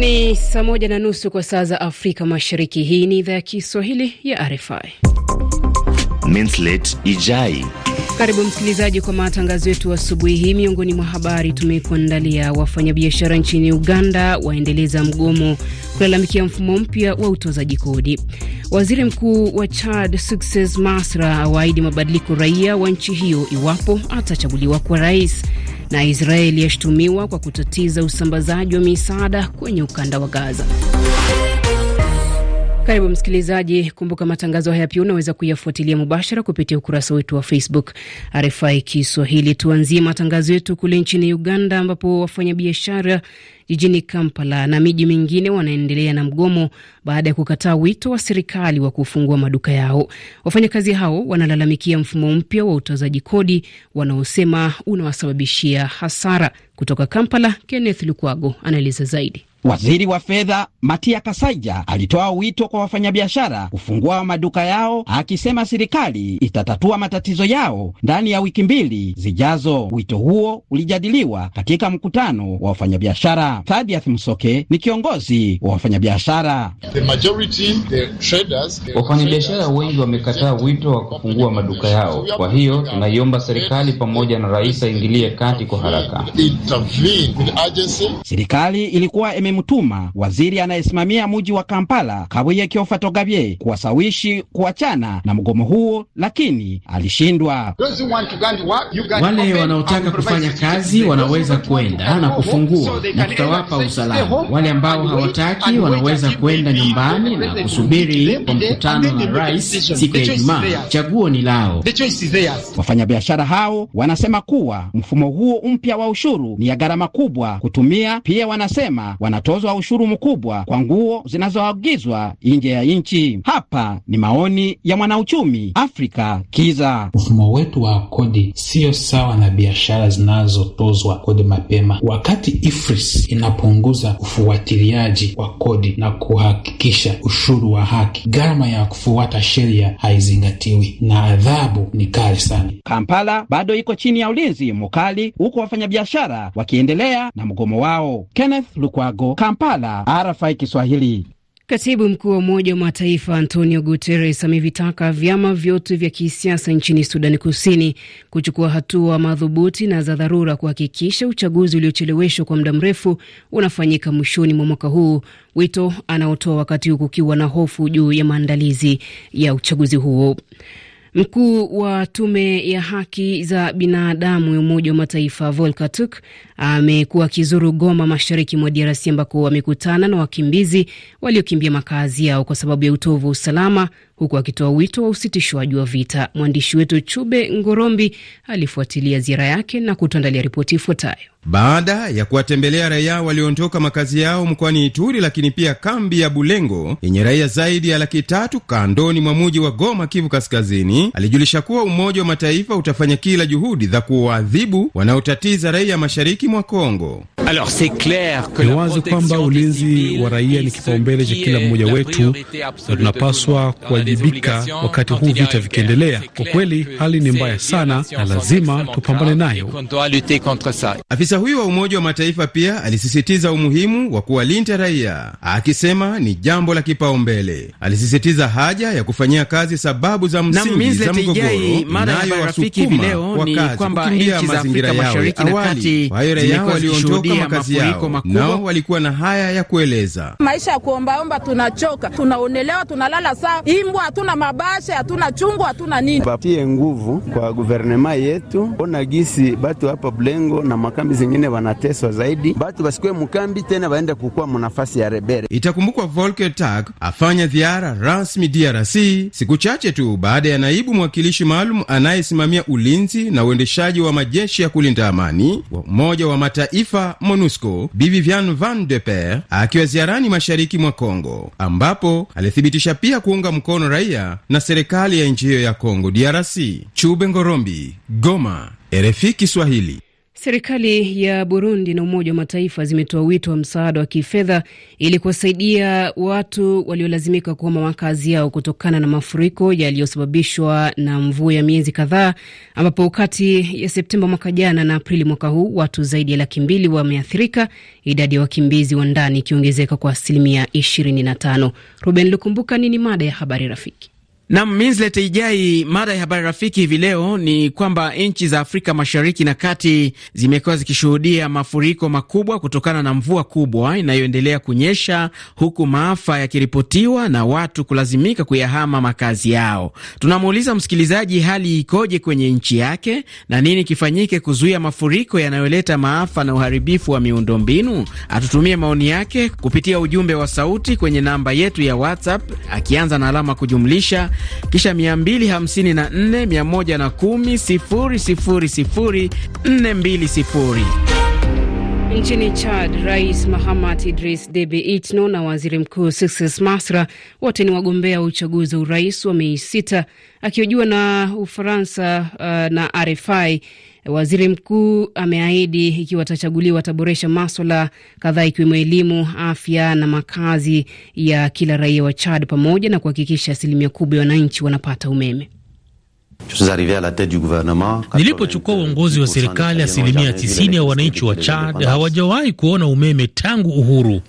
Ni saa moja na nusu kwa saa za Afrika Mashariki. Hii ni idhaa ya Kiswahili ya RFI. Minslet Ijai. Karibu msikilizaji kwa matangazo yetu asubuhi hii. Miongoni mwa habari tumekuandalia: wafanyabiashara nchini Uganda waendeleza mgomo kulalamikia mfumo mpya wa utozaji kodi. Waziri mkuu wa Chad Success Masra awaidi mabadiliko raia wa nchi hiyo iwapo atachaguliwa kwa rais na Israeli yashutumiwa kwa kutatiza usambazaji wa misaada kwenye ukanda wa Gaza. Karibu msikilizaji, kumbuka matangazo haya pia unaweza kuyafuatilia mubashara kupitia ukurasa wetu wa Facebook RFI Kiswahili. Tuanzie matangazo yetu kule nchini Uganda, ambapo wafanyabiashara jijini Kampala na miji mingine wanaendelea na mgomo baada ya kukataa wito wa serikali wa kufungua maduka yao. Wafanyakazi hao wanalalamikia mfumo mpya wa utozaji kodi wanaosema unawasababishia hasara. Kutoka Kampala, Kenneth Lukwago anaeleza zaidi. Waziri wa fedha Matia Kasaija alitoa wito kwa wafanyabiashara kufungua maduka yao, akisema serikali itatatua matatizo yao ndani ya wiki mbili zijazo. Wito huo ulijadiliwa katika mkutano wa wafanyabiashara. Kenya, Thadiath Msoke ni kiongozi wa wafanyabiashara. Wafanyabiashara wengi wamekataa wito wa kufungua maduka yao, kwa hiyo tunaiomba serikali pamoja na rais aingilie kati kwa haraka. Serikali ilikuwa imemtuma waziri anayesimamia mji wa Kampala, Kabuye kiofa Togabye, kuwasawishi kuachana na mgomo huo, lakini alishindwa. Wale wanaotaka kufanya kazi wanaweza kuenda na kufungua na tutawapa usalama. Wale ambao hawataki wanaweza kwenda nyumbani na kusubiri kwa mkutano na rais siku ya Ijumaa. Chaguo ni lao. Wafanyabiashara hao wanasema kuwa mfumo huo mpya wa ushuru ni ya gharama kubwa kutumia. Pia wanasema wanatozwa ushuru mkubwa kwa nguo zinazoagizwa nje ya nchi. Hapa ni maoni ya mwanauchumi Afrika Kiza. Mfumo wetu wa kodi siyo sawa na biashara zinazotozwa kodi mapema, wakati IFRIS inapunguza ufuatiliaji wa kodi na kuhakikisha ushuru wa haki. Gharama ya kufuata sheria haizingatiwi na adhabu ni kali sana. Kampala bado iko chini ya ulinzi mkali, huku wafanyabiashara wakiendelea na mgomo wao. Kenneth Lukwago, Kampala, RFI Kiswahili. Katibu mkuu wa Umoja wa Mataifa Antonio Guterres amevitaka vyama vyote vya kisiasa nchini Sudani Kusini kuchukua hatua madhubuti na za dharura kuhakikisha uchaguzi uliocheleweshwa kwa muda mrefu unafanyika mwishoni mwa mwaka huu, wito anaotoa wakati huu kukiwa na hofu juu ya maandalizi ya uchaguzi huo. Mkuu wa tume ya haki za binadamu ya Umoja wa Mataifa Volker Turk amekuwa akizuru Goma, mashariki mwa DRC ambako wamekutana na wakimbizi waliokimbia makazi yao kwa sababu ya utovu wa usalama huku akitoa wito wa usitishwaji wa vita. Mwandishi wetu Chube Ngorombi alifuatilia ziara yake na kutuandalia ripoti ifuatayo. Baada ya kuwatembelea raia walioondoka makazi yao mkoani Ituri, lakini pia kambi ya Bulengo yenye raia zaidi ya laki tatu kandoni mwa muji wa Goma, Kivu Kaskazini, alijulisha kuwa Umoja wa Mataifa utafanya kila juhudi za kuwaadhibu wanaotatiza raia mashariki mwa Kongo. Ni wazi kwamba ulinzi wa raia ni kipaumbele cha kila mmoja wetu, na tunapaswa kuwajibika wakati huu vita vikiendelea. Kwa kweli hali ni mbaya sana na lazima tupambane nayo. Afisa huyo wa Umoja wa Mataifa pia alisisitiza umuhimu wa kuwalinda raia, akisema ni jambo la kipaumbele. Alisisitiza haja ya kufanyia kazi sababu za msingi za mgogoro inayowasukuma wakazi kukimbia mazingira yao awali. Kwa hiyo raia waliondoka ya mafuriko makubwa. Nao walikuwa na haya ya kueleza: maisha ya kuombaomba, tunachoka, tunaonelewa, tunalala saa imbwa, hatuna mabasha, hatuna chungu, hatuna nini. Patie nguvu kwa guvernema yetu, ona gisi batu hapa Blengo na makambi zingine wanateswa zaidi, batu basikwe mkambi tena waende kukuwa munafasi ya rebere. Itakumbukwa Volker Turk afanya ziara rasmi DRC siku chache tu baada ya naibu mwakilishi maalum anayesimamia ulinzi na uendeshaji wa majeshi ya kulinda amani wa Umoja wa Mataifa MONUSCO Bivivian Van de Per akiwa ziarani mashariki mwa Kongo, ambapo alithibitisha pia kuunga mkono raia na serikali ya nchi hiyo ya Kongo DRC. Chube Ngorombi, Goma, RFI Kiswahili. Serikali ya Burundi na Umoja wa Mataifa zimetoa wito wa msaada wa kifedha ili kuwasaidia watu waliolazimika kuhama makazi yao kutokana na mafuriko yaliyosababishwa na mvua ya miezi kadhaa, ambapo kati ya Septemba mwaka jana na Aprili mwaka huu watu zaidi ya laki mbili wameathirika, idadi ya wakimbizi wa ndani ikiongezeka kwa asilimia 25. Ruben Lukumbuka, nini mada ya habari rafiki? Nam Minslet Ijai, mada ya habari rafiki hivi leo ni kwamba nchi za Afrika Mashariki na Kati zimekuwa zikishuhudia mafuriko makubwa kutokana na mvua kubwa inayoendelea kunyesha, huku maafa yakiripotiwa na watu kulazimika kuyahama makazi yao. Tunamuuliza msikilizaji, hali ikoje kwenye nchi yake na nini kifanyike kuzuia mafuriko yanayoleta maafa na uharibifu wa miundombinu? Atutumie maoni yake kupitia ujumbe wa sauti kwenye namba yetu ya WhatsApp akianza na alama kujumlisha kisha 254 Nchini Chad, Rais Mahamat Idris Deby Itno na waziri mkuu Success Masra wote ni wagombea wa uchaguzi wa urais wa Mei sita, akihojiwa na Ufaransa uh, na RFI Waziri mkuu ameahidi ikiwa atachaguliwa ataboresha maswala kadhaa ikiwemo elimu, afya na makazi ya kila raia wa Chad pamoja na kuhakikisha asilimia kubwa ya wananchi wanapata umeme. Nilipochukua uongozi wa serikali, asilimia 90 ya wananchi wa Chad hawajawahi kuona umeme tangu uhuru,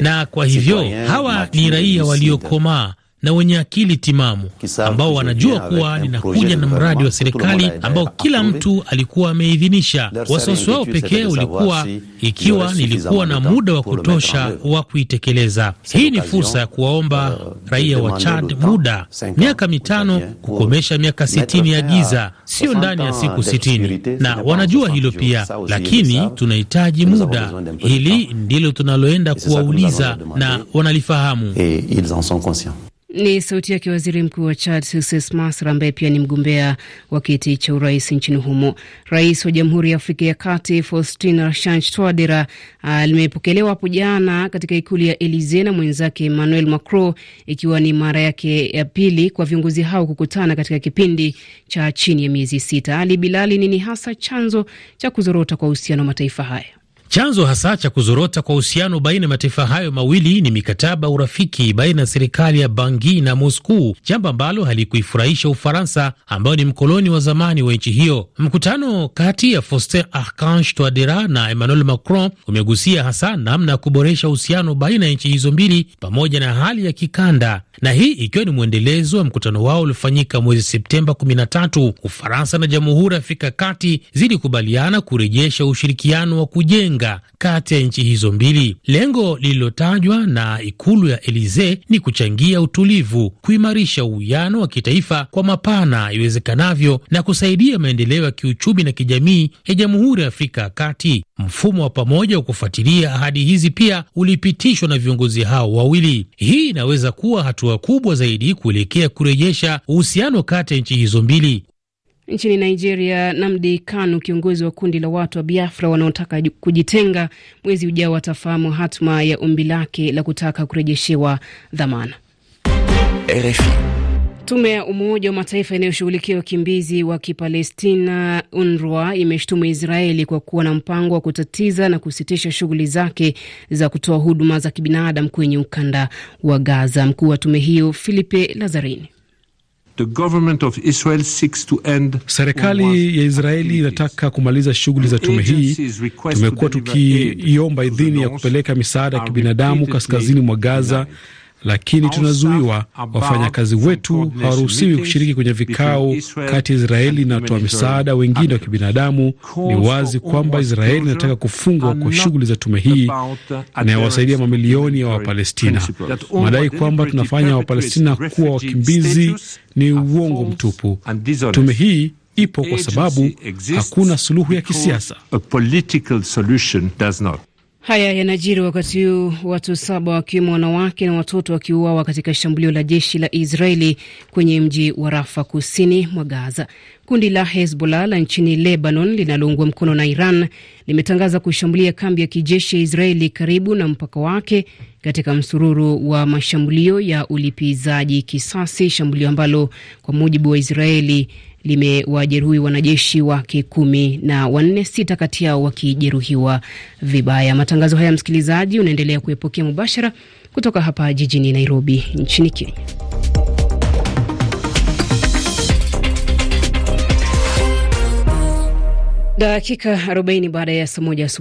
na kwa hivyo hawa ni raia waliokomaa na wenye akili timamu ambao wanajua kuwa ninakuja na mradi wa serikali ambao kila mtu alikuwa ameidhinisha. Wasiwasi wao pekee ulikuwa ikiwa nilikuwa na muda wa kutosha wa kuitekeleza. Hii ni fursa ya kuwaomba raia wa Chad muda miaka mitano kukomesha miaka sitini ya giza, sio ndani ya siku sitini, na wanajua hilo pia, lakini tunahitaji muda. Hili ndilo tunaloenda kuwauliza na wanalifahamu. Ni sauti yake waziri mkuu wa Chad Succes Masra, ambaye pia ni mgombea wa kiti cha urais nchini humo. Rais wa Jamhuri ya Afrika ya Kati Faustin Archange Touadera ah, limepokelewa hapo jana katika ikulu ya Elisee na mwenzake Emmanuel Macron, ikiwa ni mara yake ya pili kwa viongozi hao kukutana katika kipindi cha chini ya miezi sita. Ali Bilali, nini hasa chanzo cha kuzorota kwa uhusiano wa mataifa haya? Chanzo hasa cha kuzorota kwa uhusiano baina ya mataifa hayo mawili ni mikataba ya urafiki baina ya serikali ya bangi na Moscou, jambo ambalo halikuifurahisha Ufaransa ambayo ni mkoloni wa zamani wa nchi hiyo. Mkutano kati ya Faustin Archange Touadera na Emmanuel Macron umegusia hasa namna ya kuboresha uhusiano baina ya nchi hizo mbili pamoja na hali ya kikanda, na hii ikiwa ni mwendelezo wa mkutano wao uliofanyika mwezi Septemba 13. Ufaransa na Jamhuri ya Afrika Kati zilikubaliana kurejesha ushirikiano wa kujenga anga kati ya nchi hizo mbili. Lengo lililotajwa na ikulu ya Elisee ni kuchangia utulivu, kuimarisha uwiano wa kitaifa kwa mapana iwezekanavyo, na kusaidia maendeleo ya kiuchumi na kijamii ya Jamhuri ya Afrika ya Kati. Mfumo wa pamoja wa kufuatilia ahadi hizi pia ulipitishwa na viongozi hao wawili. Hii inaweza kuwa hatua kubwa zaidi kuelekea kurejesha uhusiano kati ya nchi hizo mbili Nchini Nigeria, Namdi Kanu, kiongozi wa kundi la watu wa Biafra wanaotaka kujitenga, mwezi ujao atafahamu hatma ya ombi lake la kutaka kurejeshewa dhamana. RFI. Tume ya Umoja wa Mataifa inayoshughulikia wakimbizi wa Kipalestina, UNRWA, imeshutumu Israeli kwa kuwa na mpango wa kutatiza na kusitisha shughuli zake za kutoa huduma za kibinadamu kwenye ukanda wa Gaza. Mkuu wa tume hiyo Filipe Lazarini Serikali ya Israeli inataka kumaliza shughuli za tume hii. Tumekuwa tukiiomba idhini ya kupeleka misaada ya kibinadamu kaskazini mwa Gaza lakini tunazuiwa. Wafanyakazi wetu hawaruhusiwi kushiriki kwenye vikao kati ya Israeli na watoa misaada wengine wa kibinadamu. Ni wazi kwamba Israeli inataka kufungwa kwa shughuli za tume hii inayowasaidia mamilioni ya Wapalestina. Madai kwamba tunafanya Wapalestina kuwa wakimbizi ni uongo mtupu. Tume hii ipo kwa sababu hakuna suluhu ya kisiasa. Haya yanajiri wakati huu watu saba wakiwemo wanawake na watoto wakiuawa katika shambulio la jeshi la Israeli kwenye mji wa Rafa kusini mwa Gaza. Kundi la Hezbollah la nchini Lebanon linaloungwa mkono na Iran limetangaza kushambulia kambi ya kijeshi ya Israeli karibu na mpaka wake katika msururu wa mashambulio ya ulipizaji kisasi, shambulio ambalo kwa mujibu wa Israeli limewajeruhi wanajeshi wake kumi na wanne, sita kati yao wakijeruhiwa vibaya. Matangazo haya msikilizaji, unaendelea kuyapokea mubashara kutoka hapa jijini Nairobi nchini Kenya. Dakika 40 baada ya saa moja asubuhi.